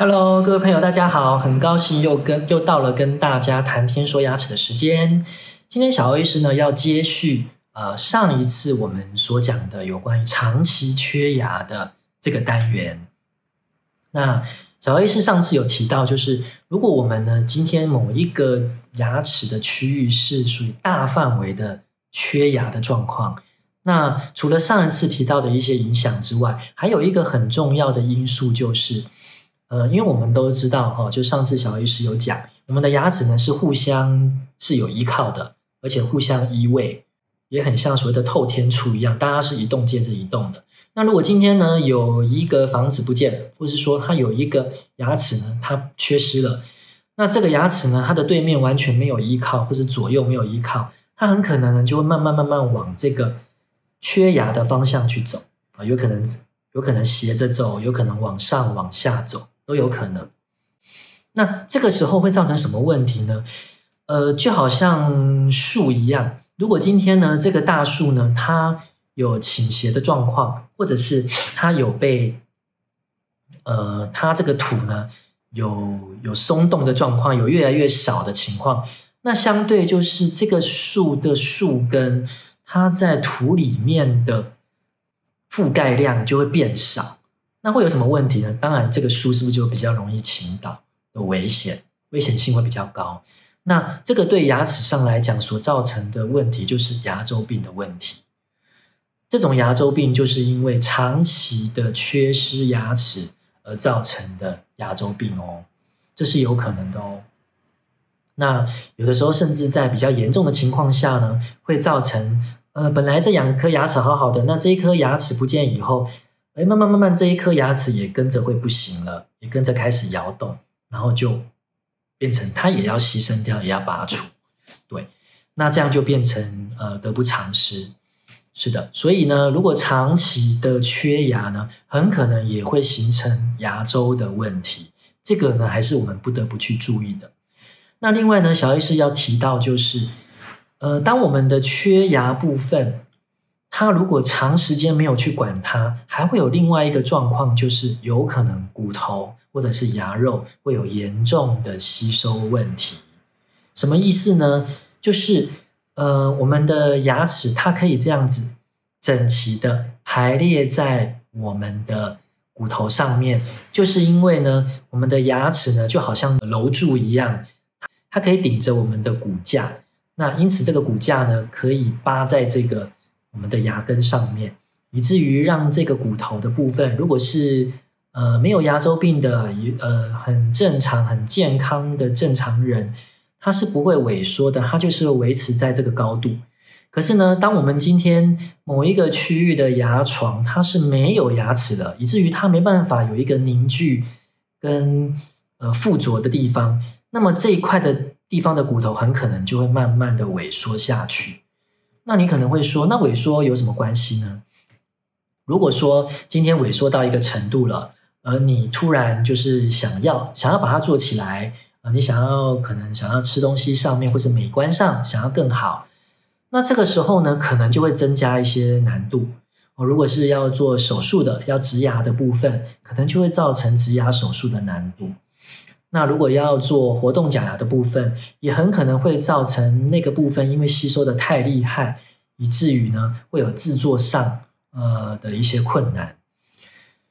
Hello，各位朋友，大家好！很高興又跟又到了跟大家談天說牙齒的時間。今天小歐醫師呢要接續呃上一次我們所講的有關於長期缺牙的這個單元。那小歐醫師上次有提到，就是如果我們呢今天某一個牙齒的區域是屬於大範圍的缺牙的狀況，那除了上一次提到的一些影響之外，還有一個很重要的因素就是。呃，因為我們都知道哈、哦，就上次小醫師有講，我們的牙齒呢是互相是有依靠的，而且互相依偎，也很像所謂的透天厝一樣，大家是一棟接著一棟的。那如果今天呢有一個房子不見了，或是說它有一個牙齒呢它缺失了，那這個牙齒呢它的對面完全沒有依靠，或是左右沒有依靠，它很可能呢就會慢慢慢慢往這個缺牙的方向去走啊、呃，有可能有可能斜着走，有可能往上往下走。都有可能，那這個時候會造成什麼問題呢？呃，就好像樹一樣，如果今天呢這個大樹呢它有傾斜的狀況，或者是它有被呃它這個土呢有有鬆動的狀況，有越來越少的情況，那相對就是這個樹的樹根它在土裡面的覆蓋量就會變少。那會有什麼問題呢？當然，這個書是不是就比較容易傾倒，有危險，危險性會比較高。那這個對牙齒上來講，所造成的問題就是牙周病的問題。這種牙周病，就是因為長期的缺失牙齒而造成的牙周病哦，這是有可能的哦。那有的時候，甚至在比較嚴重的情況下呢，會造成呃，本來這兩顆牙齒好好的，那這一顆牙齒不見以後。哎，慢慢慢慢，這一顆牙齒也跟着會不行了，也跟着開始搖動，然後就變成它也要犧牲掉，也要拔除。對，那這樣就變成呃得不償失。是的，所以呢，如果長期的缺牙呢，很可能也會形成牙周的問題。這個呢，還是我們不得不去注意的。那另外呢，小醫師要提到就是，呃，當我們的缺牙部分。它如果長時間沒有去管它，還會有另外一個狀況，就是有可能骨頭或者是牙肉會有嚴重的吸收問題。什麼意思呢？就是呃，我們的牙齒它可以這樣子整齊的排列在我們的骨頭上面，就是因為呢，我們的牙齒呢就好像樑柱一樣，它可以頂着我們的骨架。那因此，這個骨架呢可以扒在這個。我們的牙根上面，以至於讓這個骨頭的部分，如果是呃沒有牙周病的，呃，很正常，很健康的正常人，他是不會萎縮的，他就是維持在這個高度。可是呢，當我們今天某一個區域的牙床，它是沒有牙齒的，以至於它沒辦法有一個凝聚跟呃附着的地方，那麼這一塊的地方的骨頭很可能就會慢慢的萎縮下去。那你可能會說，那萎縮有什麼關係呢？如果說今天萎縮到一個程度了，而你突然就是想要想要把它做起來啊，呃、你想要可能想要吃東西上面或者美觀上想要更好，那這個時候呢，可能就會增加一些難度。哦，如果是要做手術的，要植牙的部分，可能就會造成植牙手術的難度。那如果要做活動假牙的部分，也很可能會造成那個部分因為吸收的太厲害，以至於呢，會有制作上呃的一些困難。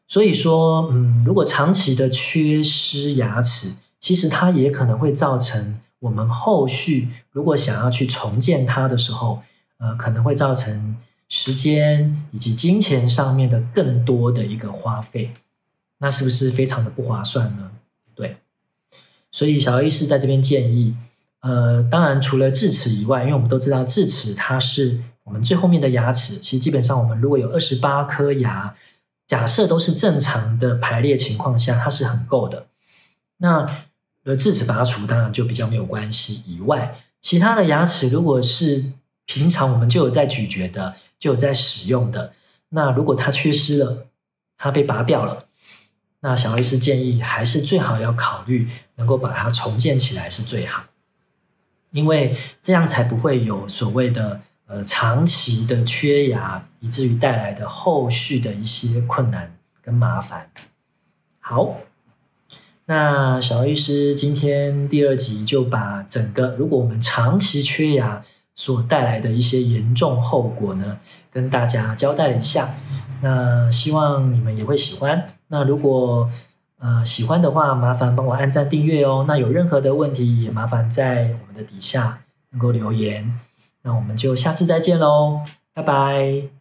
所以說，嗯，如果長期的缺失牙齒，其實它也可能會造成我們後續如果想要去重建它的時候，呃，可能會造成時間以及金錢上面的更多的一個花費。那是不是非常的不划算呢？對。所以小醫師在這邊建議，呃，當然除了智齒以外，因為我們都知道智齒它是我們最後面的牙齒，其實基本上我們如果有二十八顆牙，假設都是正常的排列情況下，它是很夠的。那呃，智齒拔除當然就比較沒有關係以外，其他的牙齒如果是平常我們就有在咀嚼的，就有在使用的，那如果它缺失了，它被拔掉了。那小醫師建議，還是最好要考慮能夠把它重建起來是最好，因為這樣才不會有所謂的呃長期的缺牙，以至於帶來的後續的一些困難跟麻煩。好，那小醫師今天第二集就把整個，如果我們長期缺牙。所帶來的一些嚴重後果呢，跟大家交代一下。那希望你們也會喜歡。那如果，呃，喜歡的話，麻煩幫我按讚訂閱哦。那有任何的問題，也麻煩在我們的底下能夠留言。那我們就下次再見嘍，拜拜。